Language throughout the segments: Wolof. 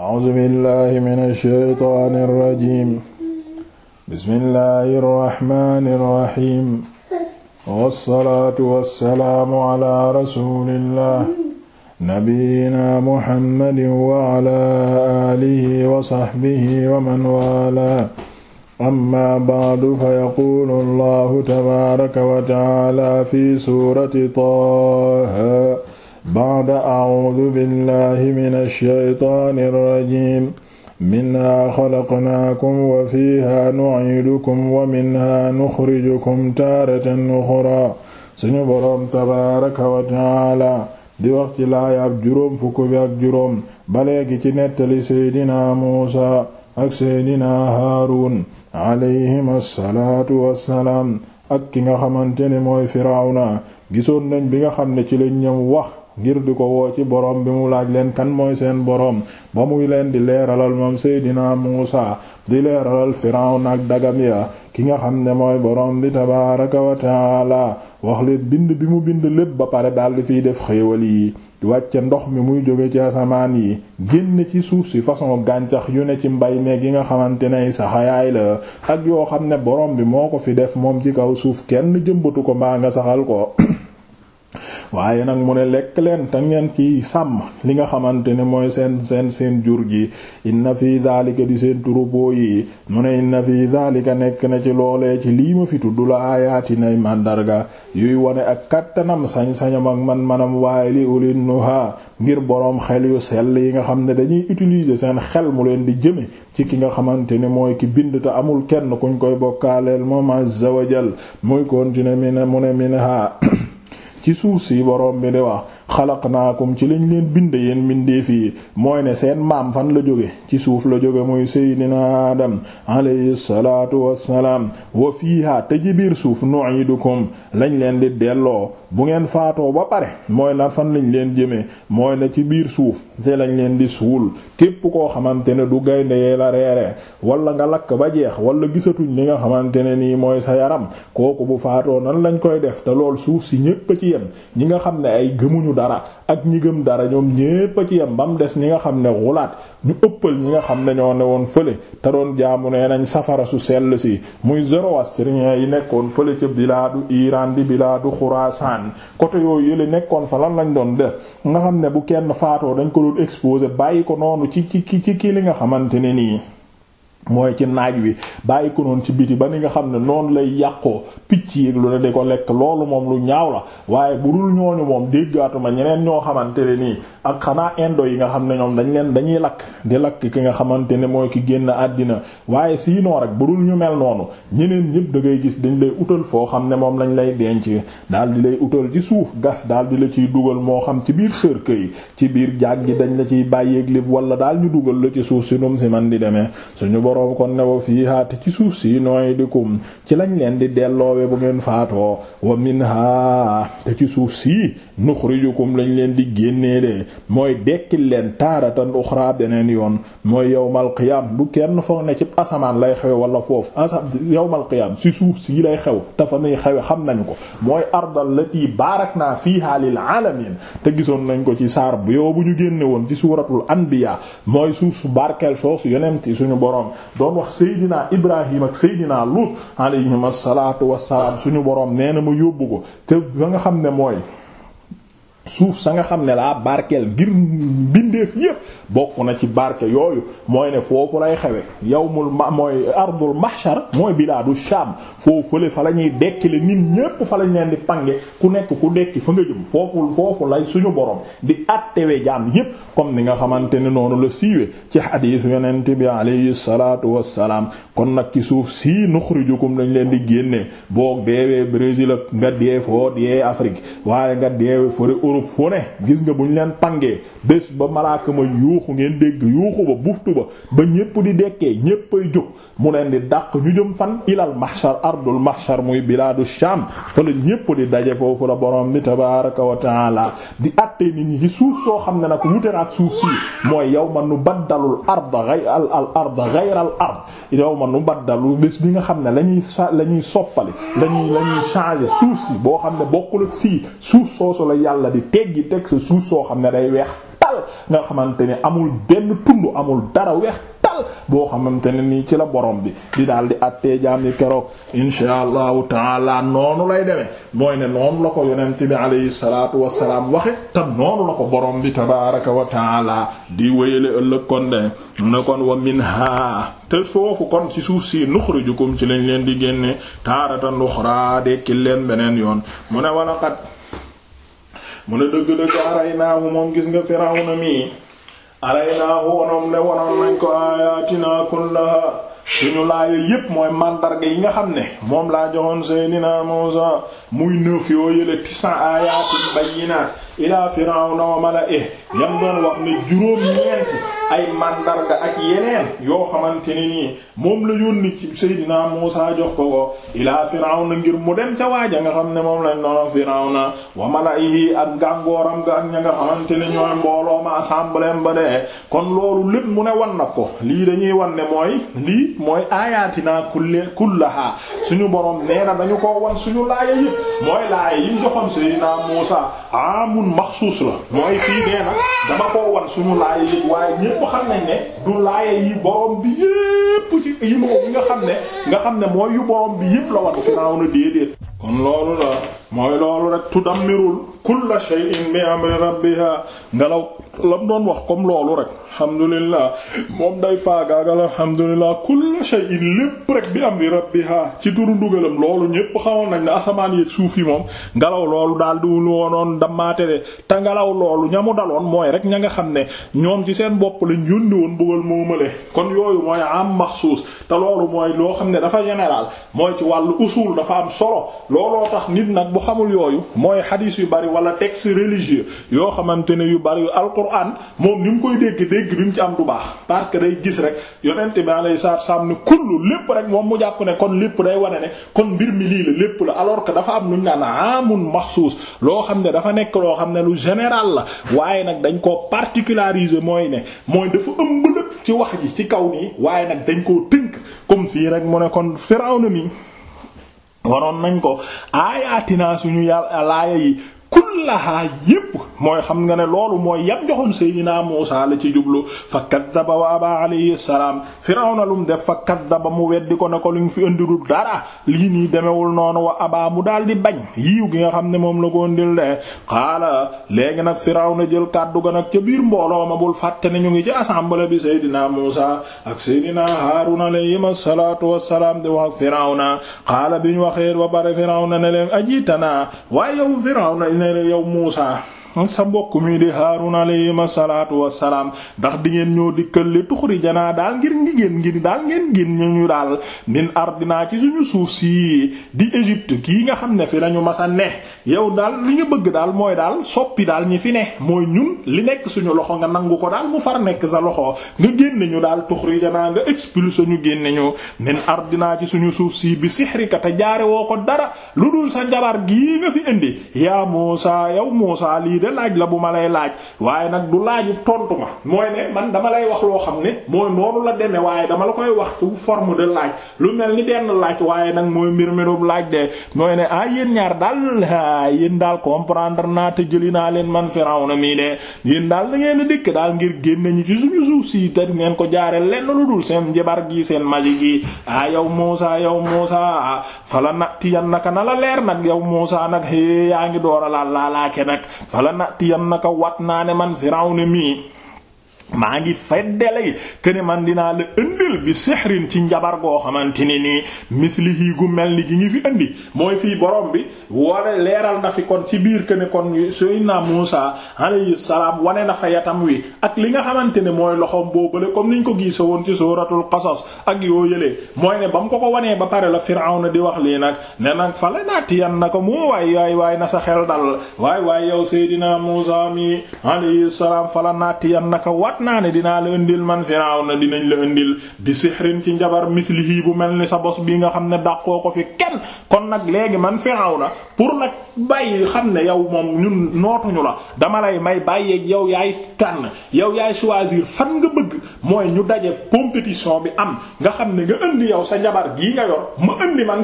a'uuzu billahi mina shaytaani rajiim bismillahi rahmaani rahiim wassalaatu wassalaamu ala rasulillah nabiyyina muhammadin wa ala alihi wa sahbihi wa man waalaa amma ba'du fa yaquulu allahu tabaaraka wa ta'aala fi suurati taaha ba'da a'uudu billahi mina shaytaani rajiim minhaa xalaqnaakum wa fiihaa nu'iidukum wa minhaa nuxrijukum taaratan uxraa suñu boroom tabaaraka wa ta'aala di wax ci laaya ab juróom fukk bi ak juróom ba léegi ci nettali seydinaa Muusaa ak seydinaa Haaruun alayhim assalaatu wassalaam ak ki nga xamante ne mooy Firawna gisoon nañ bi nga xam ne ci lañ ñëw wax ngir di ko woo ci boroom bi mu laaj leen kan mooy seen boroom ba muy leen di leeralal moom Seydina Muusa di leeralal Firawna ak dagam ya ki nga xam ne mooy boroom bi tabaaraka wa wax leen bind bi mu bind lépp ba pare daal di fiy def xéewal yi wàcce ndox mi muy jóge ci asamaan yi génn ci suuf si façon gàncax yu ne ci mbay meeg gi nga xamante ne saxayaay la ak yoo xam ne boroom bi moo ko fi def moom ci kaw suuf kenn jëmbatu ko mbaa nga saxal ko waaye nag mu ne lekk leen te ngeen ci sàmm li nga xamante ne mooy seen seen seen jur gi inna fi daalika di seen troupeau yi mu ne inna fi daalika nekk na ci loolee ci lii ma fitu du la aayaati nay màndarga yuy wane ak kattanam sañ-sañam ak man-manam waaye li ulin nuha ngir boroom xel yu sell yi nga xam ne dañuy utiliser seen xel mu leen di jëme ci ki nga xamante ne mooy ki bind te amul kenn kuñ koy bokkaaleel moom azza wajal muy continuer mi ne mu ne minha ci suuf si borom bi di wax xalaqnaakum ci lañ leen bindee yéen mbindeef yi mooy ne seen maam fan la jóge ci suuf la jóge mooy seydina adam alayhi salaatu wassalaam wa fiiha te ci biir suuf nu'idukum lañ leen di delloo bu ngeen faatoo ba pare mooy na fan lañ leen jëmee mooy ne ci biir suuf te lañ leen di suul képp koo xamante ne du gaynde yee la reere wala nga lakk ba jeex wala gisatuñ li nga xamante ne nii mooy sa yaram kooku bu faatoo nan lañ koy def te lool suuf si ñépp ci dara ak njigam dara ñoom ñépp a ci yem ba mu des ñi nga xam ne xulaat ñu ëppal ñi nga xam ne ñoo ne woon fële te doon jaamu nee nañ safara su sell si muy zoroastriens yi nekkoon fële ca bilaadu Iran di du Xuraasaan côté yooyu yële nekkoon fa lan lañ doon def nga xam ne bu kenn faatoo dañ ko doon exposer bàyyi ko noonu ci ci ci ki li nga xamante ne nii mooy ci naaj wi bàyyi ko noonu ci biti ba ni nga xam ne noonu lay yàqoo picc yi lu ne di ko lekk loolu moom lu ñaaw la waaye bu dul ñooñu moom déggaatuma ñeneen ñoo xamante ne nii ak xanaa indo yi nga xam ne ñoom dañu leen dañuy lakk di lakk ki nga xamante ne mooy ki génn àddina waaye siinoo rek bu dul ñu mel noonu ñeneen ñëpp da ngay gis dañ lay utal foo xam ne moom lañ lay denc daal di lay utal ci suuf gas daal di la ciy dugal moo xam ci biir sërke yi ci biir jaag gi dañ la ciy bàyyeeg lépp wala daal ñu dugal la ci suuf si num si man di demee boroom kon ne wa fiihaa te ci suuf si nu'iidukum ci lañ leen di delloowe bu ngeen faatoo wa minhaa te ci suuf si nuxrijukum lañ leen di génnee de mooy dekkil leen taaratan uxraa beneen yoon mooy yawmal qiyaam bu kenn foo ne ci asamaan lay xewe wala foofu asa yawmal qiyaam si suuf si lay xew dafa nuy xewe xam nañu ko mooy ardal lati baarakna fiha lil alamin te gisoon nañ ko ci saar bu yow bu ñu génne woon ci suuratul anbiya mooy suuf su barkeel soosu yonenti suñu boroom doon wax seydinaa ibrahim ak seydinaa lut alayhim assalaatu wassalaam suñu boroom nee na ma yóbbu ko te ba nga xam ne mooy suuf sa nga xam ne laa barkeel ngir mbindeef yépp bokk na ci barke yooyu mooy ne foofu lay xewe yawmul ma mooy ardul mahshar mooy bilaadu sham foofu fële fa la ñuy dekkile nit ñépp fa lañ leen di pange ku nekk ku dekki fa nga jëm foofu la suñu borom di attewe jaam yépp comme ni nga xamante ne noonu la siiwe ci xadiis yonent bi alayhi salaatu wassalaam kon nag ci suuf si nuxrijukum dañ leen di génnee boo deewee Brésil ak nga dee foo dee Afrique Europe fu ne gis nga bu ñu leen pangee bés ba malaaka ma yuuxu ngeen dégg yuuxu ba buftu ba ba ñépp di dekkee ñéppay jóg mu leen di dàq ñu jëm fan ilal mahshar ardul mahshar muy du sham fa la ñépp di daje foofu la borom bi tabaraka wa taala di àttee nit ñi ci suuf soo xam ne nag wute na suuf si mooy yawma nubaddalul ard ghayr al ard ghayr al ard yawma nubaddalu bés bi nga xam ne lañuy lañuy soppali lañuy lañuy changer suuf si boo xam ne bokkul ak si suuf soosu la yàlla di di teggi teg sa suuf soo xam ne day weex tal nga xamante ne amul benn tund amul dara weex tal boo xamante ne nii ci la borom bi di daal di attee jaam yi keroog insha allahu taala noonu lay demee mooy ne noonu la ko yonent bi alayhi salaatu wasalaam waxe tam noonu la ko borom bi tabaraka wa taala di wéyale ëllëg kon de na kon wa min ha te foofu kon ci suuf si nuxrijukum ci lañ leen di génne taaratan uxra dekkil leen beneen yoon mu ne wala qad mu ne dëgg-dëgg araynaahu moom gis nga firawna mi araynaahu wonoom ne wonoon nañ ko ayatina kullaha suñu laaya yépp mooy màndarga yi nga xam ne moom laa joxoon Seydina Muusa muy neuf yoo yële tisan ayatin bayyinaat ilaa firawna wa mala'ih yam doon wax ne juróom-ñeenti ay mandarga ak yeneen yoo xamante ne nii moom la yónni ci Seydina Muusaa jox ko ko ilaa firawna ngir mu dem ca waaja nga xam ne moom lañ noonu firawna wa mala'ihi ak gàngooram ga ak ña nga xamante ne ñooy mbooloo ma assemblée ba de kon loolu lépp mu ne wan nag ko lii dañuy wan ne mooy lii mooy ayatina kulle kullaha suñu borom nee na dañu ko wan suñu laaya yëpp mooy laaya yi joxoon Seydina amrun maxsuus la mooy fii nee na dama koo wan suñu laaya yi waaye ñépp xam nañ ne du laaya yi borom bi yépp ci yi ma ko nga xam ne nga xam ne mooy yu borom bi yépp la wan Firawna déedéet kon loolu la mooy loolu rek tudammirul kulla shay'in bi amri rabbiha ngelaw lam doon wax comme loolu rek alhamdulillah moom day faagaagal alhamdulillah kulla shay'in lépp rek bi amri rabbiha ci turu ndugalam loolu ñépp xamoon nañ ne asamaan yeeg suuf yi moom ngelaw loolu daal di wul wonoon dammaate de te ngelaw loolu ña daloon mooy rek ña nga xam ne ñoom ci seen bopp lañ yónni woon bëggal moomale kon yooyu mooy am maxsuus te loolu mooy loo xam ne dafa général mooy ci wàllu usul dafa am solo looloo tax nit nag bu xamul yooyu mooy xadiis yu bari wala texte religieux yoo xamante ne yu bari yu alquran moom ni mu koy dégg dégg bi mu ci am du baax parce que day gis rek yonent bi alayhi salaatu salaam ne kullu lépp rek moom mu jàpp ne kon lépp day ware ne kon mbir mi lii la lépp la alors que dafa am lu ñu naan amun maxsuus loo xam ne dafa nekk loo xam ne lu général la waaye nag dañ koo particulariser mooy ne mooy dafa ëmb lépp ci wax ji ci kaw nii waaye nag dañ koo tënk comme rek mu ne kon Firawna mi mënoon nañ ko aayaatinaa suñu yàlla laaya kullahaa yépp mooy xam nga ne loolu mooy yam joxoon Seydina Muusaa la ci jublu fa kaddaba wa aba alayhi salaam Firawna lum def fa kaddaba mu weddi ko na ko lu fi indi du dara lii nii demewul noonu wa abaa mu daal di bañ yiiw gi nga xam ne moom la ko ndil de xaala léegi nag Firawna jël kàddu ko nag ca biir mbooloo ma bul fàtte ne ñu ngi ci assemblée bi Seydina Muusaa ak Seydina Haaruna alayhima salaatu wassalaam di wax Firawna xaala bi ñu waxee ba pare Firawna ne leen ajiitanaa waaye yow ne yow Muusa sa mbokk mi di Haarun alayhi salaatu wassalaam ndax di ngeen ñoo dikkal li tuxrijanaa daal ngir ngi ngeen ngir daal ngeen ngin ñu ñu daal min ardinaa ci suñu suuf si di Égypte kii nga xam ne fi lañu masa ne yow daal li nga bëgg daal mooy daal soppi daal ñi fi ne mooy ñun li nekk suñu loxo nga nangu ko daal mu far nekk sa loxo nga génne ñu daal tuxrijanaa nga expulsé ñu génne ñu min ardinaa ci suñu suuf si bi sixrika te jaare woo ko dara lu dul sa njabar gii nga fi indi yaa Muusaa yow Muusaa de laaj la bu ma lay laaj waaye nag du laaju tontu ma mooy ne man dama lay wax loo xam ne mooy noonu la demee waaye dama la koy wax ci forme de laaj lu mel ni benn laaj waaye nag mooy mbir mi laaj de mooy ne ah yéen ñaar daal ah yéen daal comprendre naa te jëli naa leen man na mii de yéen daal da ngeen a dëkk daal ngir génne ñu ci suñu suuf si te ngeen ko jaare lenn lu dul seen njabar gii seen magie gi ah yow Muusa yow Muusa ah, fala natiyan naka na la leer nag yow Muusa nag yaa ngi door lanatiyannaka wat naa ne man Firawna mii maa ngi feddelay kene man dinaa la indil bi sixrin ci njabar goo xamante ne nii mislihi gu mel ni gi ngi fi indi mooy fii borom bi ware leeral na fi kon ci biir këni kon Seydina Muusa alayhi salaam wane na fa yatam wi ak li nga xamante ne mooy loxoom comme niñ ko gise woon ci suuratul qasas ak yëlee mooy ne ba mu ko ko wanee ba pare la Firawna di wax lii nag ne nag fa na ko mu waay waay waay na sa xel dal waaye waay yow Seydina Muusa mi alayhi salaam fa la naatiyan na ko wat naa ne dinaa la indil man Firawna dinañ la indil bi sihrin ci njabar mislihi bu mel ni sa bos bii nga xam ne dàqoo ko fi kenn kon nag léegi man Firawna pour nag bàyyi xam ne yow moom ñun nootuñu la dama lay may bàyyeeg yow yaay tànn yow yaay choisir fan nga bëgg mooy ñu daje compétition bi am nga xam ne nga indi yow sa njabar gii nga yor ma indi man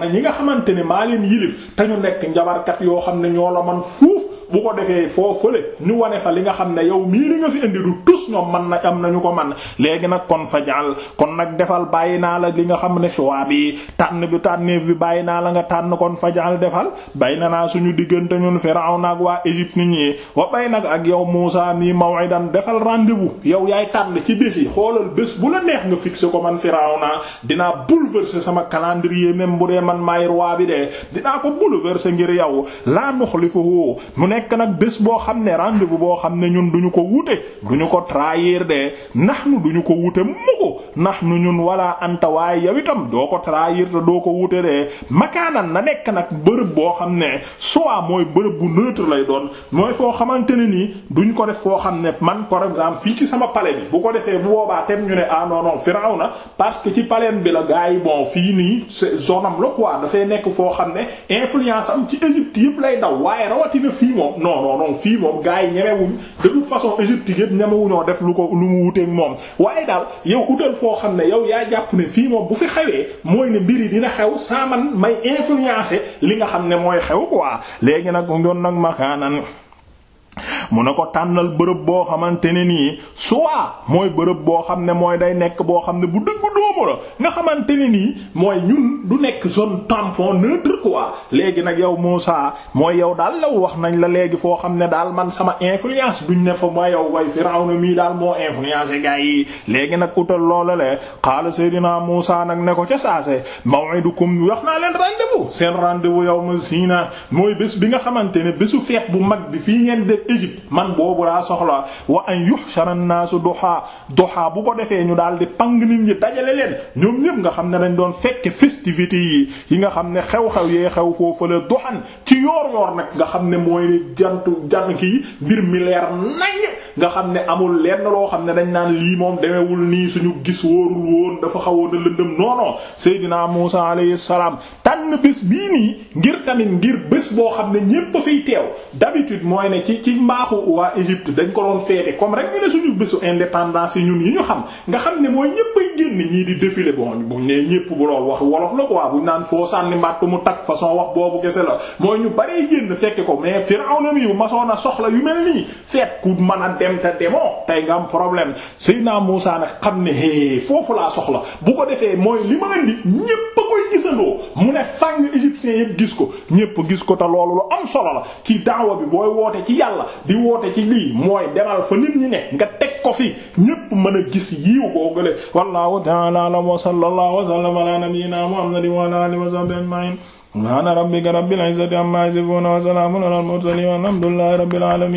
na ñi nga xamante ne maa leen yilif te ñu nekk njabarkat yoo xam ne ñoo la man fuuf bu ko defee foo fële ñu wane fa li nga xam ne yow mii li nga fi indi tus ñoom man na am nañu ko man léegi nag kon fajal kon nag defal bàyyi naa la li nga xam ne choix bi tànn bi tànneef bi bàyyi naa la nga tànn kon fajal defal bay na naa suñu diggante ñun Firawna ak waa Égypte nit ñi wa bay nag ak yow Muusaa mii maw'idan defal rendez-vous yow yaay tànn ci bés yi xoolal bés bu la neex nga fixé ko man Firawna dinaa bouleverser sama calendrier même bu dee man maay roi bi de dinaa ko bouleverser ngir yow laa nekk nag bés boo xam ne rendez-vous boo xam ne ñun duñu ko wute duñu ko trahir de ndax nu ñu ko wute mukk nu ñun wala anta waaye yow itam doo ko trahir te doo ko wute de makaanan na nekk nag bërëb boo xam ne soit mooy bërëb bu neutre lay doon mooy foo xamante ne nii duñ ko def foo xam ne man par exemple fii ci sama palais bu ko defee bu boobaa tem ñu ne ah non non Firawna parce que ci palais bi la gars yi bon fii nii zone am la waa dafay nekk foo xam ne influence am ci Égypte yëpp lay daw waaye rawatina fii moom non non non fii moom gars yi ñemewuñ de façon Égypte yëpp ñemewuñoo def lu ko lu mu wuteeg moom waaye daal yow utal foo xam ne yow yaa jàpp ne fii moom bu fi xewee mooy ne mbiri dina xew saa man may influencer li nga xam ne mooy xew waa léegi nag doon nag makaanan mu ne ko tànnal bërëb boo xamante ne nii soit mooy bërëb boo xam ne mooy day nekk boo xam ne bu dëgg doomu la nga xamante ne nii mooy ñun du nekk zone tampon neutre quoi léegi nag yow Moussa mooy yow daal law wax nañ la léegi foo xam ne daal man sama influence duñ ne fa ma yow way Firawna mii daal moo influence gaa yi léegi nag utal loola le xaala Seydina Moussa nag ne ko ca saase maw'idukum wax naa seen rendez-vous yow ma siina mooy bés bi nga xamante ne bésu feet bu mag bi fii ngeen def Égypte man boobu laa soxla wa an yuhshara an-naasu duhaa duhaa bu ko defee ñu daal di pang nit ñi dajale leen ñoom ñëpp nga xam ne dañ doon fekke festivité yi yi nga xam ne xew-xew yee xew foofu la duhan ci yoor-yoor nag nga xam ne mooy ni jantu jan kii mbir mi leer nañ nga xam ne amul lenn loo xam ne dañ naan lii moom demewul nii suñu gis wóorul woon dafa xawoon a lëndëm non non Muusa alayhi salaam tànn bés bii nii ngir tamit ngir bés boo xam ne ñépp a fiy teew d'habitude mooy ne ci ci mbaaxu waa Égypte dañ ko doon feete comme rek ñu ne suñu bésu indépendance yi yi ñu xam nga xam ne mooy ñépp ay génn ñii di défilé bon buñ nee ñépp bu lool wax wolof la quoi buñ naan foo sànni mbàtt mu takk façon wax boobu gese la mooy ñu baree génn fekk ko mais Firawna mi bu masoon a yu mel seet ku mën a dem te demoo tey nga am problème Seydina Muusaa nag xam ne foofu laa soxla bu ko defee mooy li koy gisandoo mu ne sang égyptiens yëpp gis ko ñépp gis ko te loolu lu am solo la ci daawa bi booy woote ci yàlla di woote ci lii mooy demal fa nit ñi ne nga teg ko fi ñépp mën a gis yiiw googale wallahu ta'ala a'lam wa sallallahu wa sallama ala nabiyyina muhammadin wa ala alihi wa sahbihi ajma'in subhana rabbika rabbil izzati amma yasifun wa salamun ala al mursalin walhamdulillahi rabbil alamin